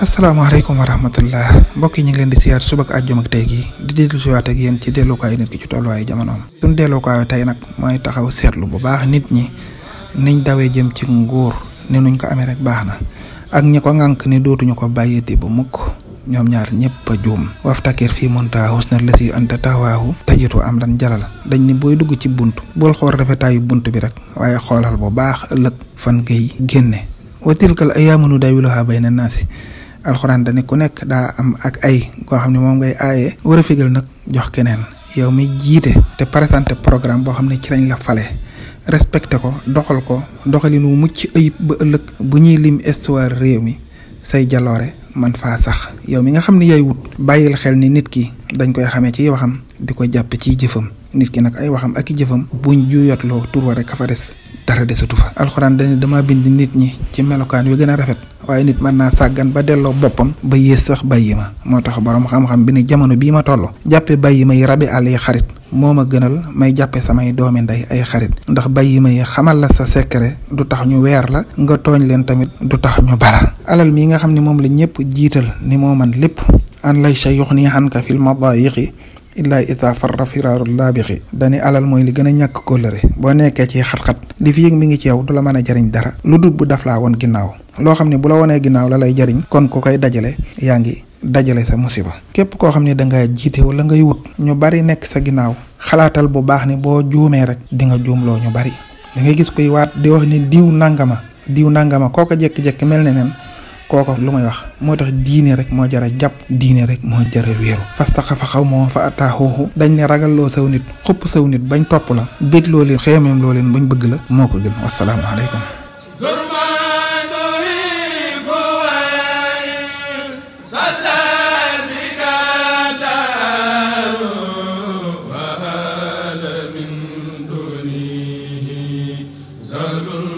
asalaamaaleykum wa rahmatullah mbokk yi ñu ngi leen di siyaar suba ak àjjuma tey gi di dellu siwaat ak yéen ci dellukaay nit ki ci tolluwaayu jamonoom. suñ dellukaay tey nag mooy taxaw seetlu bu baax nit ñi niñ dawee jëm ci nguur ne nuñ ko amé rek baxna ak ñi ko ngànk ne ñu ko bàyyiti bu mukk ñom ñaar ñepp joom waftakir fi munta husnal lati anta tawahu tajitu amran jalal dañ ni boy dugg ci buntu bol xor rafetayu buntu bi rek waye xolal bo baax ëlëk fan ngay génne wa tilkal ayyamu nudawiluha bayna nasi alquran da ko nek da am ak ay go xamni mom ngay ayé wara figal nak jox kenen yow mi jité te présenter programme bo xamni ci lañ la fale respecté ko doxal ko wu mucc ayib ba ëllëg bu ñuy lim histoire réew mi say jaloore man faa sax yow mi nga xam ne yaay wut bàyyil xel ni nit ki dañ koy xamee ci waxam di ko jàpp ci jëfam nit ki nag ay waxam ak i jëfam bu ju yotloo tur wa rek a fa des dara desatu fa alxuraan dañu dama bind nit ñi ci melokaan yu gën a rafet waaye nit mën naa sàggan ba delloo boppam ba yées sax bàyyi ma moo tax boroom xam-xam bi ne jamono bii ma toll jàppe bàyyi ma yi rabi àll xarit moo ma gënal may jàppe samay doomi ndey ay xarit ndax bàyyi ma yi xamal la sa secret du tax ñu weer la nga tooñ leen tamit du tax ñu bala alal mi nga xam ne moom la ñëpp jiital ni moo man lépp an lay sa yox nii xan fil madayiqi illa idha farra firarul labixi dani alal moy li gëna ñak ko kóllëre bo nekké ci xat-xat li fi yëg mi ngi ci yow du la mën jariñ dara lu daf bu la woné ginnaw la lay jariñ kon ku koy dajale yaangi dajalé dajale sa musiba képp ko xamni da nga jité wala nga yut ñu bari nekk sa ginnaw xalaatal bu baax ni bo joomé rek di nga juumloo ñu bari da ngay gis kuy waat di wax ni diw nangama diw nangama kooko jek jek nen koko lu may wax motax diine rek mo jara jàpp diine rek mo jara wéeru fastakha fa xaw mo fa atahu dañ ne ragal lo saw nit xop saw nit bañ top la bég lo leen xémem lo leen bañ bëgg la moko gën wasalaamu aleykum Zalul